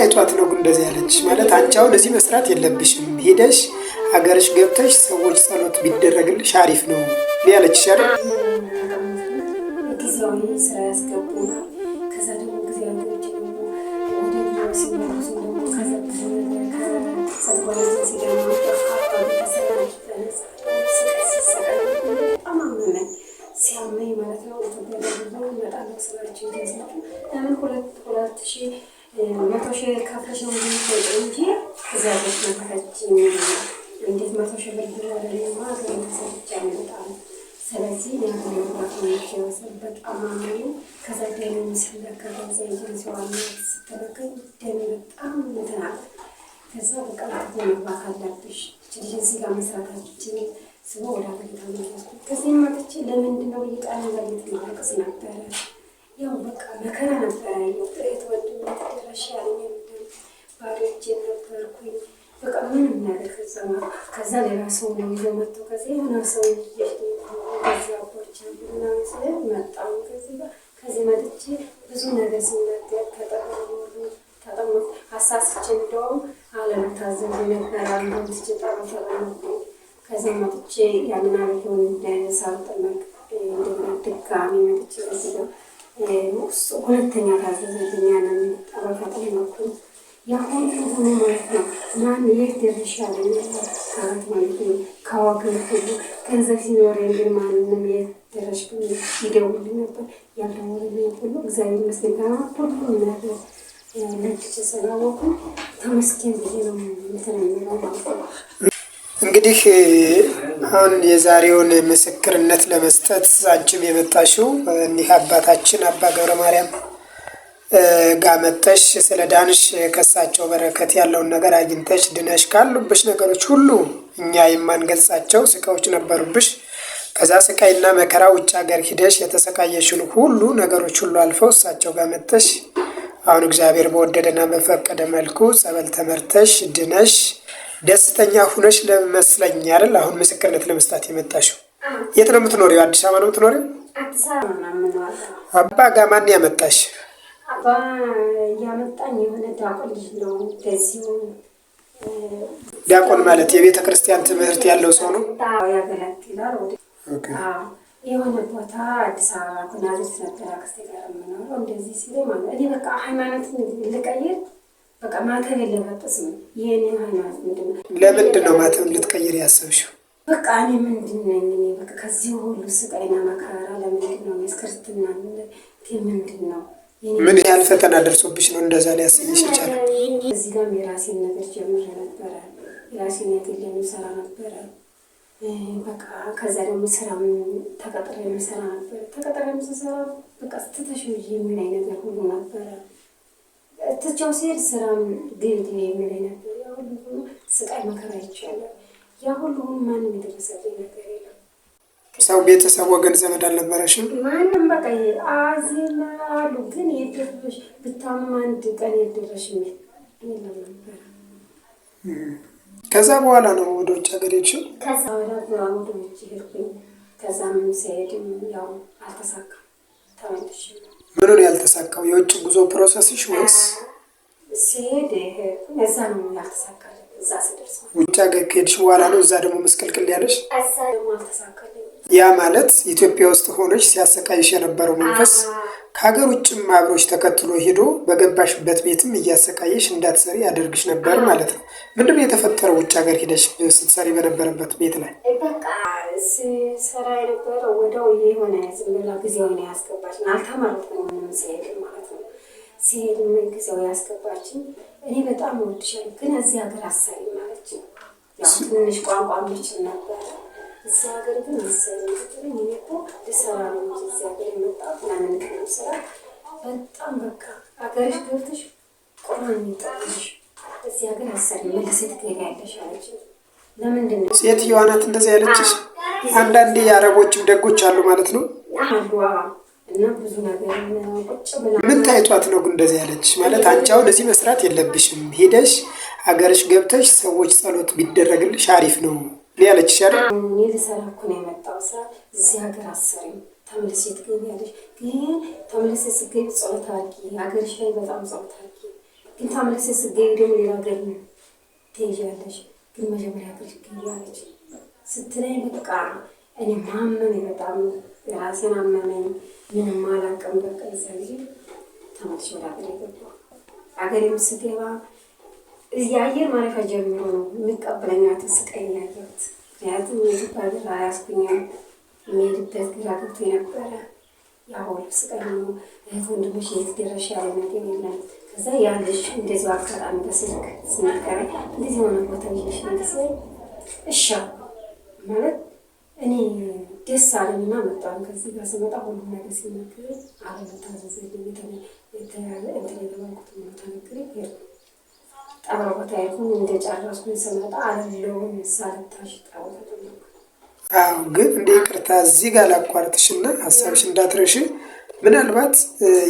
አይቷት ነው እንደዚህ ያለች ማለት አንቺ አሁን እዚህ መስራት የለብሽም ሄደሽ ሀገርሽ ገብተሽ ሰዎች ጸሎት ቢደረግልሽ አሪፍ ነው ያለች ሸር ጊዜያዊ ስራ ያስገቡ ከዛ ደግሞ ሲያመኝ ማለት ነው ኢትዮጵያ ብዙ መጣ ስራችን ለምን ሁለት ሁለት ሺህ መቶ ሺህ ብር ከፍለሽ ነው እንጂ እዛ ቤት መከረች እንዴት መቶ ሺህ ብር ብር ያለማ ተሰርቻ ስለዚህ ያለባት ሚወሰድ በጣም አማኝ ከዛ ደሚ ሲለከዛ ኤጀንሲዋና ስትለከኝ ደሚ በጣም ምትናል። ከዛ በቃ መግባት አለብሽ ልጅ እዚህ ጋር ስቦ ወደ አገሪታ መለስኩ። ከዚህም መጥቼ ለምንድነው የቃል በሌት ማለቅስ ነበረ። ያው በቃ መከራ ነበረ ጥሬት ከዛ ሌላ ሰው ነው ይዞ መጥቶ ከዚህ የሆነ ሰው ከዚህ አቦች ና ስለ መጣሁ ከዚህ ከዚህ መጥቼ ብዙ ነገር ሲናገር ከጠሩ ተጠሙ አሳስቼ እንደውም አለመታዘዝ ነበር አንዶንትቼ ጠሩ ተጠመኩ ከዚህ መጥቼ ያንን አልሆን ሳልጠመቅ እንደገና ድጋሚ መጥቼ ከዚህ ሁለተኛ ታዘዘብኝ ያንን የት የተሻለ ማለት ነው። ከወገን ሁሉ ገንዘብ ሲኖር ግን ማንም የት ደረሽ ይደውል ነበር። ያልደወለልኝ ሁሉ እግዚአብሔር ይመስገን ሁሉ ሁሉም ነገር ስላወቁ ተመስገን ብዬ ነው እንትን ማለት ነው። እንግዲህ አሁን የዛሬውን ምስክርነት ለመስጠት አንቺም የመጣሽው እኒህ አባታችን አባ ገብረ ማርያም ጋር መጠሽ ስለ ዳንሽ ከሳቸው በረከት ያለውን ነገር አግኝተሽ ድነሽ ካሉብሽ ነገሮች ሁሉ እኛ የማንገልጻቸው ስቃዮች ነበሩብሽ። ከዛ ስቃይና መከራ ውጭ ሀገር ሂደሽ የተሰቃየሽን ሁሉ ነገሮች ሁሉ አልፈው እሳቸው ጋር መጠሽ አሁን እግዚአብሔር በወደደና በፈቀደ መልኩ ጸበል ተመርተሽ ድነሽ ደስተኛ ሁነሽ ለመስለኝ አይደል? አሁን ምስክርነት ለመስጣት የመጣሽው የት ነው የምትኖሪው? አዲስ አበባ ነው የምትኖሪው? አባ ጋ ማን ያመጣሽ? ዲያቆን ማለት የቤተ ክርስቲያን ትምህርት ያለው ሰው ነው የሆነ ቦታ አዲስ አበባ ጉናሪት ነበር አክስቴ ጋር የምኖረው። እንደዚህ ሲለኝ ማለት እኔ በቃ ሃይማኖት ልቀይር በቃ ማተብ የለበጥስ ነው ይህን ሃይማኖት ምንድን ነው? ለምንድን ነው ማተብ ልትቀይር ያሰብሽው? በቃ እኔ ምንድን ነኝ እኔ በቃ ከዚህ ሁሉ ስቃይና መከራ ለምንድን ነው መስክርስትና ምንድን ነው ምን ያህል ፈተና ደርሶብሽ ነው እንደዛ ሊያሰኝሽ ይቻላል? እዚህ ጋም የራሴን ነገር ጀምሬ ነበረ። የራሴን ነገር የምሰራ ነበረ። በቃ ከዛ ደግሞ ስራ ተቀጥሬ የምሰራ ነበረ። ተቀጥሬ የምሰራ በቃ ስትተሽ የሚላይ ነገር ሁሉ ነበረ። ትቻው ሲሄድ ስራም ግድ የሚላይ ነበር። ያ ሁሉ ስቃይ መከራ ይቻለ ያ ሁሉ ማንም የደረሰብኝ ነገር የለም። ሰው ቤተሰብ፣ ወገን፣ ዘመድ አልነበረሽም? ማንም በቃ አዜና ግን የደረሽ ብታምም አንድ ቀን የደረሽ ከዛ በኋላ ነው ወደ ውጭ ሀገር ሄድሽው? ከዛ በኋላ ወደ ውጭ ሄድኩኝ። ከዛ ምን ሲሄድም ያው አልተሳካም። ተመልሽ ምን ነው ያልተሳካው? የውጭ ጉዞ ፕሮሰስሽ ወይስ ሲሄድ እዛ ነው ያልተሳካል። እዛ ስደርስ ውጭ ሀገር ከሄድሽ በኋላ ነው እዛ ደግሞ መስቀልቅል ያለሽ? እዛ ደግሞ አልተሳካል ያ ማለት ኢትዮጵያ ውስጥ ሆነች ሲያሰቃይሽ የነበረው መንፈስ ከሀገር ውጭም አብሮች ተከትሎ ሄዶ በገባሽበት ቤትም እያሰቃየሽ እንዳትሰሪ ያደርግሽ ነበር ማለት ነው። ምንድን ነው የተፈጠረው? ውጭ ሀገር ሄደሽ ስትሰሪ በነበረበት ቤት ላይ በቃ ስሰራ የነበረው ወደው የሆነ ዝም ብላ ጊዜው ነው ያስገባችን። አልተማርኩም ሲሄድ ማለት ነው። ሲሄድ ምን ጊዜው ያስገባችን። እኔ በጣም ወድሻል፣ ግን እዚህ ሀገር አሰሪ ማለች። ትንሽ ቋንቋ ምችል ነበር እዚህ ሀገር ግን እኔ እኮ ልሰራ ነው እንጂ እዚህ ሀገር የመጣሁት ያንን ቀን ስራ በጣም በቃ ሀገርሽ ገብተሽ እዚህ ሀገር አለች። ለምንድን ነው ሴትዮዋ ናት እንደዚህ ያለችሽ? አንዳንዴ የአረቦችም ደጎች አሉ ማለት ነው። ምን ታይቷት ነው ግን እንደዚህ ያለች? ማለት አንቺ አሁን እዚህ መስራት የለብሽም ሄደሽ ሀገርሽ ገብተሽ ሰዎች ጸሎት ቢደረግልሽ አሪፍ ነው ሊያለች ሲያደር እኔ ልሰራ እኮ ነው የመጣው ስራ እዚህ ሀገር አሰሪም ተመልሼ ትገኛለሽ። ግን ተመልሼ ስገኝ ጸሎት አድርጊ፣ ሀገርሽ ላይ በጣም ጸሎት አድርጊ። ግን ተመልሼ ስገኝ ደግሞ ሌላ ሀገር ነው ትሄጃለሽ፣ ግን መጀመሪያ ሀገር ትገኛለች ስትለኝ በቃ እኔ ማመን በጣም ራሴን አመመኝ። ምንም አላውቅም። በቃ ይዛ ተመልሼ ወደ ሀገር ገባ። ሀገሬም ስገባ እዚህ አየር ማረፊያ ጀምሮ ነው የሚቀበለኛ ስቃይ ያየሁት። ምክንያቱም የኢትዮጵያ ብር አያስኩኛም የሚሄድበት ግራ ገብቶ ነበረ። ያሁሉ ስቃይ ነው። እህት ወንድሞች የት ደረሽ ያለ ነገር የለም። ከዛ ያለሽ እንደዚሁ አጋጣሚ በስልክ ስናገራኝ እንደዚህ ሆነ ቦታ ይሽ ነገስ እሻ ማለት እኔ ደስ አለኝና መጣን። ከዚህ ጋር ስመጣ ሁሉ ነገር ሲናገር አለ መታዘዘ ተነግሬ ሄድኩ ቀብረ ቦታ ይሁን እንደጨረስኩኝ አዎ ግን እንደ ይቅርታ እዚህ ጋር ላቋርጥሽና ሀሳብሽ እንዳትረሽ። ምናልባት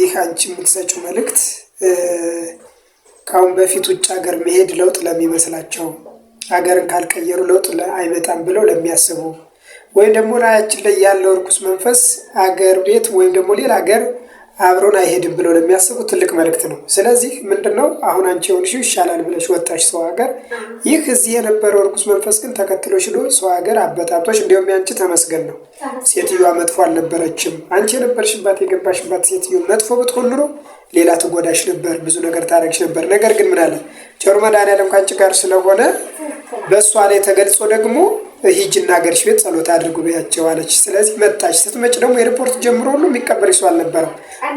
ይህ አንቺ የምትሰጪው መልእክት ከአሁን በፊት ውጭ ሀገር መሄድ ለውጥ ለሚመስላቸው ሀገርን ካልቀየሩ ለውጥ አይመጣም ብለው ለሚያስቡ ወይም ደግሞ ላያችን ላይ ያለው እርኩስ መንፈስ አገር ቤት ወይም ደግሞ ሌላ ሀገር አብሮን አይሄድም ብሎ ለሚያስቡ ትልቅ መልእክት ነው። ስለዚህ ምንድነው አሁን አንቺ የሆንሽው ይሻላል ብለሽ ወጣሽ ሰው ሀገር። ይህ እዚህ የነበረው እርኩስ መንፈስ ግን ተከትሎ ሽዶ ሰው ሀገር አበጣጦች። እንዲሁም ያንቺ ተመስገን ነው። ሴትዮዋ መጥፎ አልነበረችም። አንቺ የነበርሽባት የገባሽባት ሴትዮ መጥፎ ብትሆን ኑሮ ሌላ ትጎዳሽ ነበር፣ ብዙ ነገር ታደርግሽ ነበር። ነገር ግን ምናለ አለ ቸሩ መድኃኒዓለም ከአንቺ ጋር ስለሆነ በእሷ ላይ ተገልጾ ደግሞ ሂጅና ሀገርሽ ቤት ጸሎት አድርጉ ብያቸው አለች። ስለዚህ መጣች። ስትመጭ ደግሞ የሪፖርት ጀምሮ ሁሉ የሚቀበልሽ ሰው አልነበረም።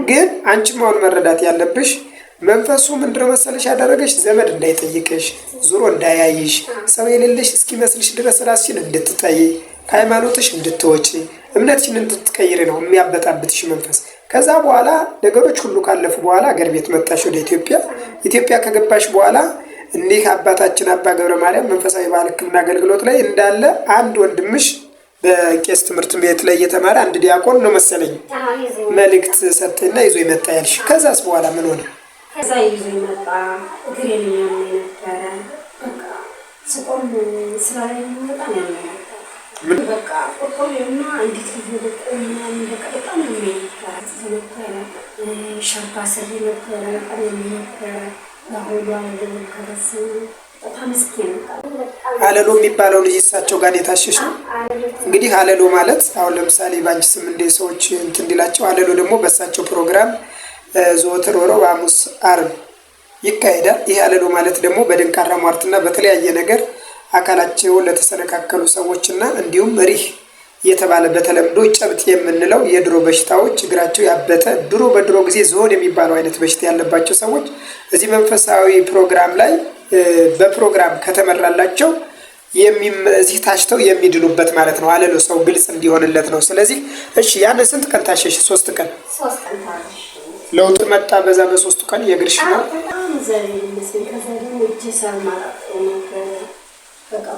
ግን አንቺም አሁን መረዳት ያለብሽ መንፈሱ ምንድነው መሰለሽ ያደረገሽ ዘመድ እንዳይጠይቅሽ፣ ዙሮ እንዳያይሽ፣ ሰው የሌለሽ እስኪመስልሽ ድረስ ራስሽን እንድትጠይ፣ ከሃይማኖትሽ እንድትወጪ፣ እምነትሽን እንድትቀይር ነው የሚያበጣብትሽ መንፈስ። ከዛ በኋላ ነገሮች ሁሉ ካለፉ በኋላ አገር ቤት መጣሽ ወደ ኢትዮጵያ። ኢትዮጵያ ከገባሽ በኋላ እኒህ አባታችን አባ ገብረ ማርያም መንፈሳዊ ባህል ሕክምና አገልግሎት ላይ እንዳለ አንድ ወንድምሽ በቄስ ትምህርት ቤት ላይ እየተማረ አንድ ዲያቆን ነው መሰለኝ መልእክት ሰጠና ይዞ ይመጣ ያልሽ፣ ከዛስ በኋላ ምን ሆነ? ከዛ ይዞ ይመጣ ነበረ ቀ ነበረ አለሎ የሚባለው ልጅ እሳቸው ጋር የታሸሽ ነው። እንግዲህ አለሎ ማለት አሁን ለምሳሌ በአንቺ ስም እንደ ሰዎች እንትን እንዲላቸው፣ አለሎ ደግሞ በእሳቸው ፕሮግራም ዘወትር ወረው ሐሙስ፣ አርብ ይካሄዳል። ይህ አለሎ ማለት ደግሞ በደንቃራ ሟርትና በተለያየ ነገር አካላቸውን ለተሰነካከሉ ሰዎችና እንዲሁም ሪህ የተባለ በተለምዶ ጨብጥ የምንለው የድሮ በሽታዎች እግራቸው ያበጠ ድሮ በድሮ ጊዜ ዝሆን የሚባለው አይነት በሽታ ያለባቸው ሰዎች እዚህ መንፈሳዊ ፕሮግራም ላይ በፕሮግራም ከተመራላቸው እዚህ ታሽተው የሚድኑበት ማለት ነው አለ ሰው ግልጽ እንዲሆንለት ነው። ስለዚህ እሺ፣ ያን ስንት ቀን ታሸሽ? ሶስት ቀን ለውጥ መጣ። በዛ በሶስቱ ቀን የግርሽ ነው? በጣም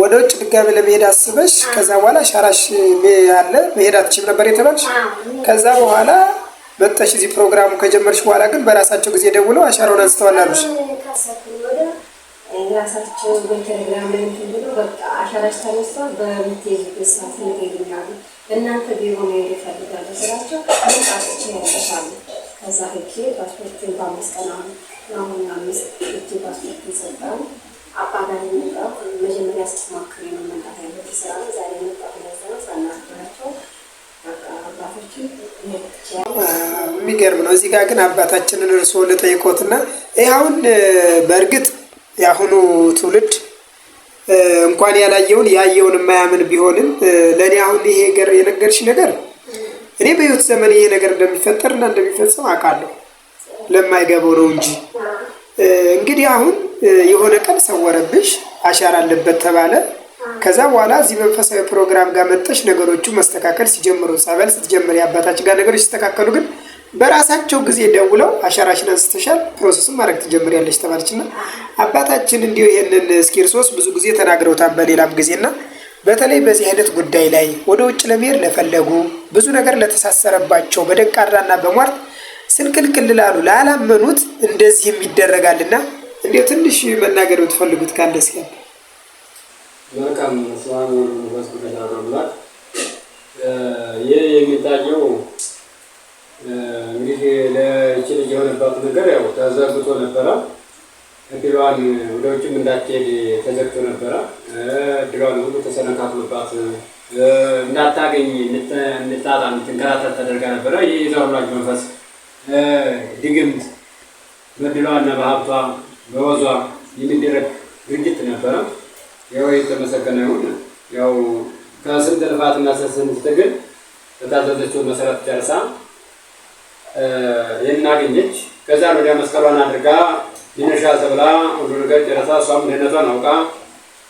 ወደ ውጭ ድጋሚ ለመሄድ አስበሽ ከዛ በኋላ ሻራሽ አለ መሄድ አትችም ነበር የተባልሽ። ከዛ በኋላ መጠሽ እዚህ ፕሮግራሙ ከጀመርሽ በኋላ ግን በራሳቸው ጊዜ ደውለው አሻራውን አንስተዋል አሉሽ። ራሳቸው በቴሌግራም ላይ ብሎ በቃ አሻራሽ ተነስቷል፣ በምትሄጂበት ሰዓት እናንተ ቢሮ መሄድ ከዛ ህኬ ፓስፖርትን በአምስት ቀን አሁን አምስት አባ ጋር መጀመሪያ ስራ ዛሬ አባቶችን የሚገርም ነው። እዚህ ጋር ግን አባታችንን እርስዎ እና ይህ አሁን በእርግጥ የአሁኑ ትውልድ እንኳን ያላየውን ያየውን የማያምን ቢሆንም ለእኔ አሁን ይሄ ገር የነገርሽ ነገር እኔ በህይወት ዘመን ይሄ ነገር እንደሚፈጠርና እንደሚፈጸም አውቃለሁ። ለማይገባው ነው እንጂ እንግዲህ አሁን የሆነ ቀን ሰወረብሽ፣ አሻራ አለበት ተባለ። ከዛ በኋላ እዚህ መንፈሳዊ ፕሮግራም ጋር መጠሽ ነገሮቹ መስተካከል ሲጀምሩ ጸበል ስትጀምር የአባታችን ጋር ነገሮች ሲስተካከሉ ግን በራሳቸው ጊዜ ደውለው አሻራሽን አንስተሻል ፕሮሰስም ማድረግ ትጀምሪያለሽ ተባለችና አባታችን እንዲሁ ይህንን እስኪ ብዙ ጊዜ ተናግረውታል በሌላም ጊዜና በተለይ በዚህ አይነት ጉዳይ ላይ ወደ ውጭ ለመሄድ ለፈለጉ ብዙ ነገር ለተሳሰረባቸው በደንቃራና በሟርት ስንክልክል ላሉ ላላመኑት እንደዚህም ይደረጋልና እንዲሁ ትንሽ መናገር የምትፈልጉት ካለ እስኪ ያለ መልካም ይህ የሚታየው እንግዲህ ለእቺ ልጅ የሆነባት ነገር ያው ተዘግቶ ነበረ። እድሏን ወደ ውጭም እንዳትሄድ ተዘግቶ ነበረ። እድሏን ሁሉ ተሰነካክሎባት እንዳታገኝ እንታጣ ተደርጋ ነበረ። ይህ መንፈስ ድግምት በእድሏና በሀብቷ በወዟ የሚደረግ ድርጊት ነበረ። ያው የተመሰገነ ይሁን። ያው ከስንት ልፋትና ስንት ትግል በታዘዘችው መሰረት ጨርሳ የናገኘች ከዛ ወዲያ መስቀሏን አድርጋ ይነሻ ተብላ ሁሉ ነገር ጨረሳ። እሷም ድህነቷን አውቃ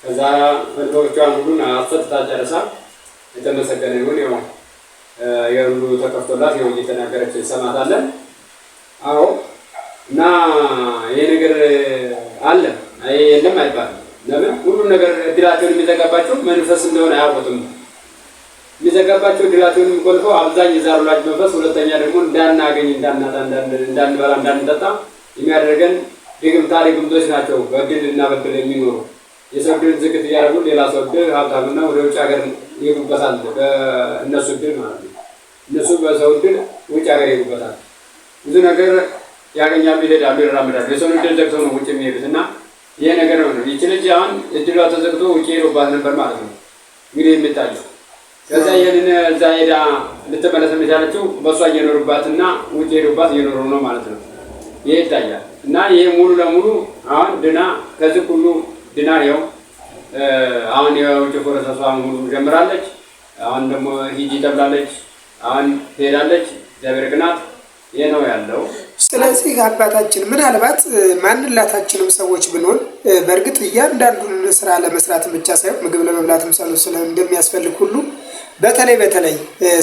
ከዛ ፈንቶቿን ሁሉን አሰጥታ ጨረሳ። የተመሰገነ ይሁን። ያው የሁሉ ተከፍቶላት ያው እየተናገረች ሰማታለን። አዎ እና ይሄ ነገር አለ የለም አይባልም። ለምን ሁሉም ነገር እድላቸውን የሚዘጋባቸው መንፈስ እንደሆነ አያውቁትም። የሚዘጋባቸው እድላቸውን የሚቆልፈው አብዛኝ የዛሩላጅ መንፈስ፣ ሁለተኛ ደግሞ እንዳናገኝ፣ እንዳናጣ፣ እንዳንበላ፣ እንዳንጠጣ የሚያደርገን ታሪክ ድግምቶች ናቸው። በግል እና በግል የሚኖሩ የሰው ድል ዝግት እያደረጉ ሌላ ሰው ድል ሀብታምና ወደ ውጭ ሀገር ይጉበታል። በእነሱ ድል ማለት ነው። እነሱ በሰው ድል ውጭ ሀገር ይጉበታል ብዙ ነገር ያገኛሉ፣ ይሄዳሉ፣ ይራምዳሉ። የሰውን እድል ዘግቶ ነው ውጭ የሚሄዱት እና ይሄ ነገር ነው ነው። ይቺ ልጅ አሁን እድሏ ተዘግቶ ውጭ ሄዶባት ነበር ማለት ነው እንግዲህ የምታለው ከዛ ይህንን እዛ ሄዳ ልትመለስ የቻለችው በእሷ እየኖሩባት እና ውጭ ሄዶባት እየኖሩ ነው ማለት ነው። ይሄ ይታያል እና ይሄ ሙሉ ለሙሉ አሁን ድና ከዚህ ሁሉ ድና ያው አሁን የውጭ ፎረሰሷ ሁሉ ጀምራለች። አሁን ደግሞ ሂጂ ተብላለች። አሁን ትሄዳለች። እግዚአብሔር ግናት ይሄ ነው ያለው። ስለዚህ አባታችን ምናልባት ማንላታችንም ሰዎች ብንሆን በእርግጥ እያንዳንዱን ስራ ለመስራትም ብቻ ሳይሆን ምግብ ለመብላትም እንደሚያስፈልግ ሁሉ በተለይ በተለይ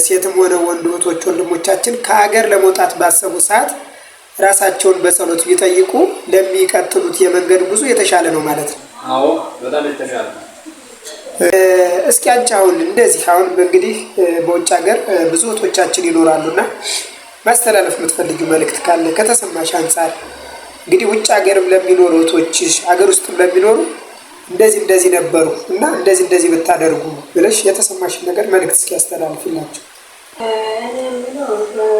ሴትም ሆነ ወንድ እህቶች ወንድሞቻችን ከሀገር ለመውጣት ባሰቡ ሰዓት ራሳቸውን በጸሎት ቢጠይቁ ለሚቀጥሉት የመንገድ ጉዞ የተሻለ ነው ማለት ነው። አዎ በጣም የተሻለ እስኪ አንቺ አሁን እንደዚህ አሁን እንግዲህ በውጭ ሀገር ብዙ እህቶቻችን ይኖራሉና ማስተላለፍ የምትፈልጊው መልእክት ካለ ከተሰማሽ አንጻር እንግዲህ ውጭ ሀገርም ለሚኖሩ እህቶችሽ ሀገር ውስጥም ለሚኖሩ እንደዚህ እንደዚህ ነበሩ እና እንደዚህ እንደዚህ ብታደርጉ ብለሽ የተሰማሽን ነገር መልእክት እስኪያስተላልፍላቸው እኔ የምለው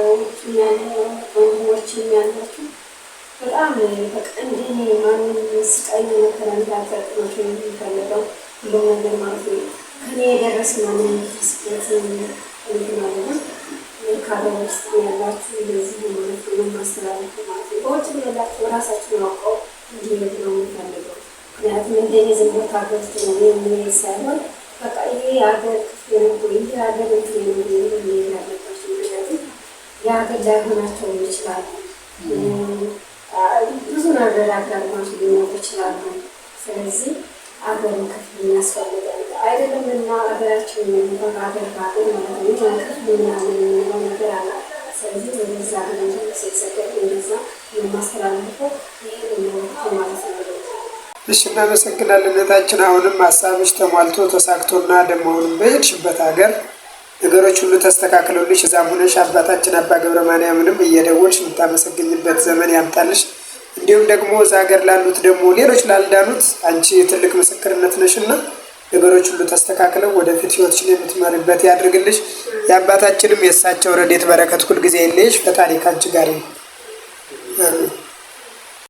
በጣም በቃ እንደኔ ስቃይ መከራ እንዳያጋጥማቸው ማለት ነው። ከኔ የደረስ ማንም ስት እንትን አለና ከሀገር ውስጥ ያላችሁ እንደዚህ ማለት ነው ማስተላለፍ ማለት ነው። በውጭም ያላችሁ ራሳችሁን አውቀው እንዲሄድ ነው የሚፈልገው። ምክንያቱም እንደኔ ዝም ብሎ ከሀገር ውስጥ ነው የሚሄድ ሳይሆን በቃ ይሄ የሀገር ክፍል ይሄ የሀገር እንትን የሚሄድ አለባቸው። ምክንያቱም የሀገር ላይሆናቸው ይችላሉ። ብዙ ነገር አጋጥሟቸው ሊኖሩ ይችላሉ። ስለዚህ አገርን ክፍል የሚያስፈልጋል። አይደለም እና የሚሆን ማለት ነው ምናምን የሚሆን ነገር አለ። ስለዚህ እንደዛ የማስተላልፈው ማለት ነው። እሺ እናመሰግናለን እህታችን። አሁንም ሀሳብሽ ተሟልቶ ተሳክቶና ደግሞ አሁንም በሄድሽበት ሀገር ነገሮች ሁሉ ተስተካክለልሽ እዛም ሆነሽ አባታችን አባ ገብረ ማርያምንም እየደወልሽ የምታመሰግኝበት ዘመን ያምጣልሽ። እንዲሁም ደግሞ እዛ ሀገር ላሉት ደግሞ ሌሎች ላልዳኑት አንቺ ትልቅ ምስክርነት ነሽና ነገሮች ሁሉ ተስተካክለው ወደፊት ህይወትሽን የምትመርበት ያድርግልሽ። የአባታችንም የእሳቸው ረዴት በረከት ሁልጊዜ ይለይሽ። ፈጣሪ ጋር ነው።